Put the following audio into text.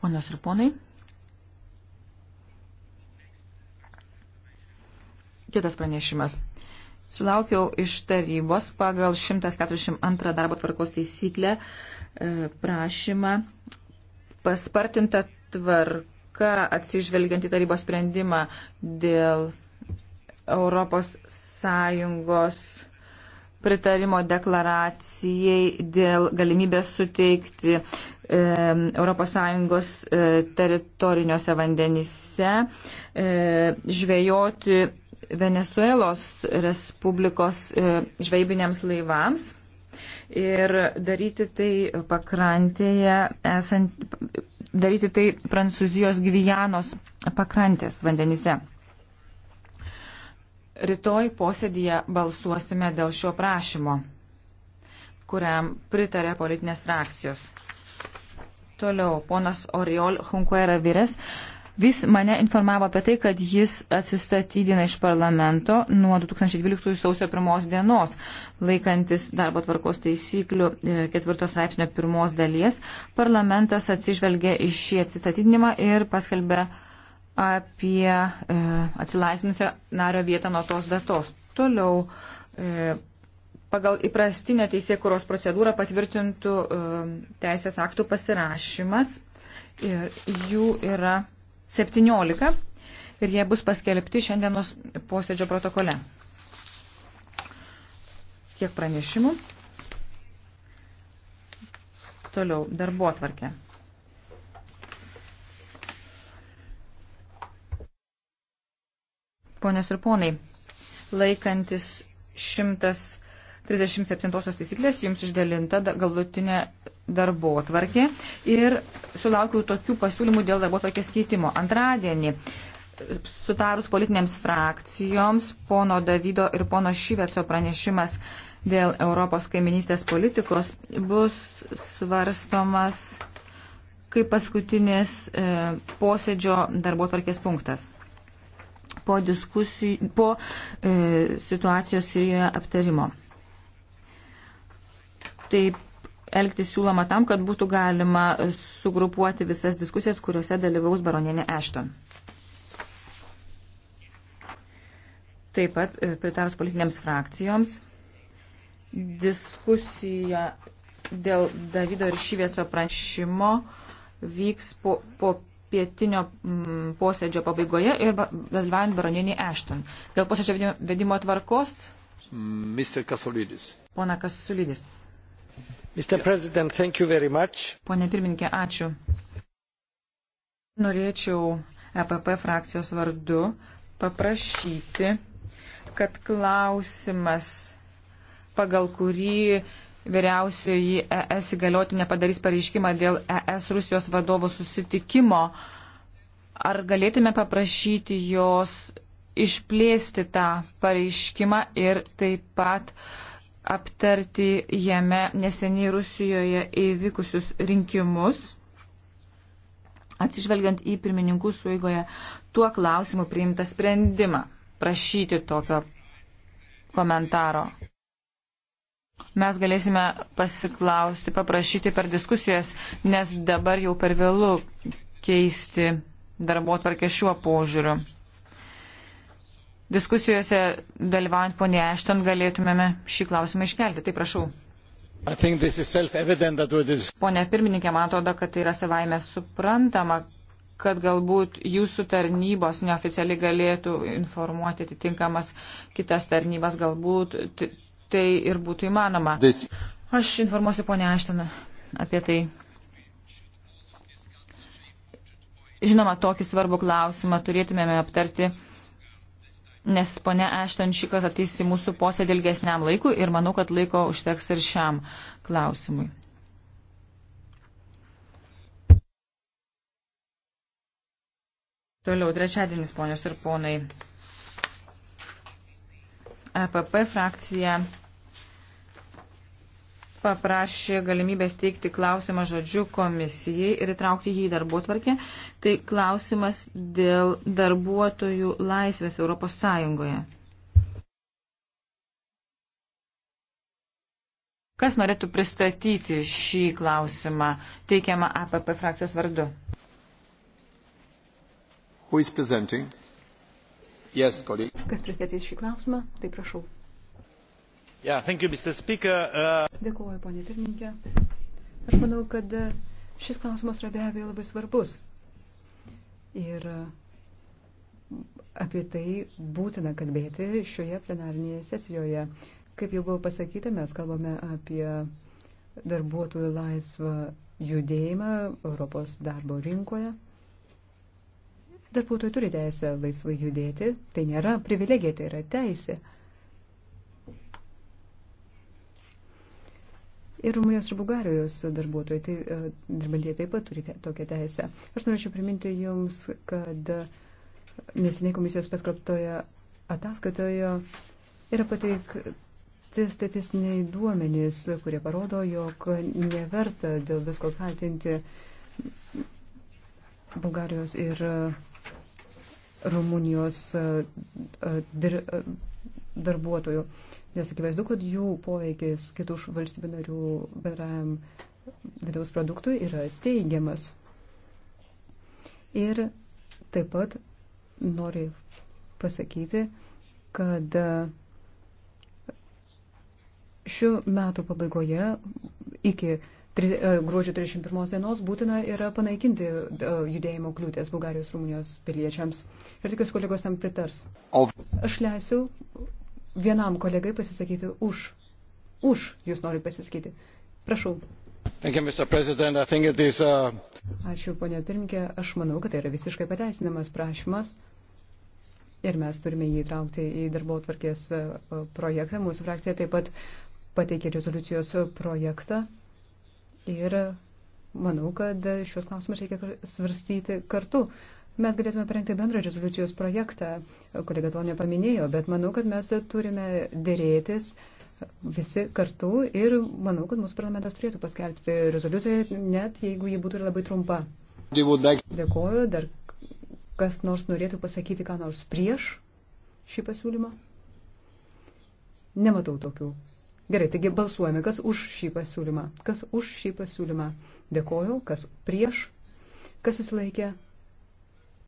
Ponios ir ponai. Kitas pranešimas. Sulaukiau iš tarybos pagal 142 darbo tvarkos taisyklę e, prašymą paspartinta tvarka atsižvelgiant į tarybos sprendimą dėl Europos Sąjungos pritarimo deklaracijai dėl galimybės suteikti e, ES e, teritoriniuose vandenyse e, žvejoti Venezuelos Respublikos e, žvejybiniams laivams ir daryti tai pakrantėje esant, daryti tai Prancūzijos Gvijanos pakrantės vandenyse. Rytoj posėdėje balsuosime dėl šio prašymo, kuriam pritarė politinės frakcijos. Toliau, ponas Oriol Hunkuera Vires vis mane informavo apie tai, kad jis atsistatydina iš parlamento nuo 2012 sausio 1 dienos, laikantis darbo tvarkos taisyklių 4 e, straipsnio 1 dalies. Parlamentas atsižvelgia į šį atsistatydinimą ir paskelbė apie e, atsilaisvinusią nario vietą nuo tos datos. Toliau, e, pagal įprastinę teisėkuros procedūrą patvirtintų e, teisės aktų pasirašymas ir jų yra 17 ir jie bus paskelbti šiandienos posėdžio protokole. Tiek pranešimų. Toliau, darbo atvarkė. Ponios ir ponai, laikantis 137 taisyklės jums išdalinta galutinė darbo tvarkė ir sulaukiau tokių pasiūlymų dėl darbo tvarkės keitimo. Antradienį sutarus politinėms frakcijoms pono Davido ir pono Šyveco pranešimas dėl Europos kaiminystės politikos bus svarstomas kaip paskutinis e, posėdžio darbo tvarkės punktas po, diskusijų, po e, situacijos Sirijoje aptarimo. Taip elgtis siūloma tam, kad būtų galima sugrupuoti visas diskusijas, kuriuose dalyvaus baronienė Ešton. Taip pat e, pritarus politinėms frakcijoms diskusija dėl Davido ir Šyvieco pranešimo vyks po, po pietinio mm, posėdžio pabaigoje ir dalyvaujant baronienį Ešton. Dėl posėdžio vedimo tvarkos. Mr. Kasulidis. Pona Kasulidis. Mr. President, thank you very much. Pone pirmininkė, ačiū. Norėčiau EPP frakcijos vardu paprašyti, kad klausimas, pagal kurį vyriausioji ES įgaliotinė padarys pareiškimą dėl ES Rusijos vadovo susitikimo. Ar galėtume paprašyti jos išplėsti tą pareiškimą ir taip pat aptarti jame neseniai Rusijoje įvykusius rinkimus, atsižvelgiant į pirmininkų suigoje tuo klausimu priimtą sprendimą prašyti tokio komentaro mes galėsime pasiklausti, paprašyti per diskusijas, nes dabar jau per vėlų keisti darbo atvarkę šiuo požiūriu. Diskusijose dalyvaujant ponė Ešton galėtumėme šį klausimą iškelti. Tai prašau. Pone pirmininkė, man atrodo, kad tai yra savaime suprantama, kad galbūt jūsų tarnybos neoficialiai galėtų informuoti atitinkamas kitas tarnybas, galbūt tai ir būtų įmanoma. Aš informuosiu ponę Aštiną apie tai. Žinoma, tokį svarbų klausimą turėtumėme aptarti, nes ponė Aštan šį kartą ateis į mūsų posėdį ilgesniam laikui ir manau, kad laiko užteks ir šiam klausimui. Toliau, trečiadienis, ponios ir ponai. EPP frakcija paprašė galimybės teikti klausimą žodžiu komisijai ir įtraukti jį į darbo tvarkę. Tai klausimas dėl darbuotojų laisvės Europos Sąjungoje. Kas norėtų pristatyti šį klausimą teikiamą APP frakcijos vardu? Yes, colleague. Kas pristatys šį klausimą? Tai prašau. Yeah, you, uh... Dėkuoju, ponė pirmininkė. Aš manau, kad šis klausimas yra be abejo labai svarbus. Ir uh, apie tai būtina kalbėti šioje plenarinėje sesijoje. Kaip jau buvo pasakyta, mes kalbame apie darbuotojų laisvą judėjimą Europos darbo rinkoje. Darbuotojai turi teisę laisvai judėti, tai nėra privilegija, tai yra teisė. ir Rumunijos ir Bulgarijos darbuotojai, tai e, dirbantieji taip pat turi tokią teisę. Aš norėčiau priminti Jums, kad neseniai komisijos paskelbtoje ataskaitoje yra pateikti statistiniai duomenys, kurie parodo, jog neverta dėl visko kaltinti Bulgarijos ir Rumunijos e, e, dir, darbuotojų, nes akivaizdu, kad jų poveikis kitų valstybių narių bendrajam vidaus produktui yra teigiamas. Ir taip pat noriu pasakyti, kad e, šių metų pabaigoje iki tri, e, gruodžio 31 dienos būtina yra panaikinti e, judėjimo kliūtės Bulgarijos Rumunijos piliečiams. Ir tikiuosi, kolegos tam pritars. Aš leisiu vienam kolegai pasisakyti už. Už jūs noriu pasisakyti. Prašau. Thank you, Mr. President. I think it is, uh... Ačiū, ponia pirmkė. Aš manau, kad tai yra visiškai pateisinamas prašymas. Ir mes turime jį įtraukti į darbo atvarkės uh, projektą. Mūsų frakcija taip pat pateikė rezoliucijos projektą. Ir manau, kad šios klausimus reikia svarstyti kartu. Mes galėtume parengti bendrą rezoliucijos projektą kolega to nepaminėjo, bet manau, kad mes turime dėrėtis visi kartu ir manau, kad mūsų parlamentas turėtų paskelbti rezoliuciją, net jeigu ji būtų labai trumpa. Dėkuoju, dar kas nors norėtų pasakyti, ką nors prieš šį pasiūlymą? Nematau tokių. Gerai, taigi balsuojame, kas už šį pasiūlymą. Kas už šį pasiūlymą. Dėkoju, kas prieš, kas įsilaikė.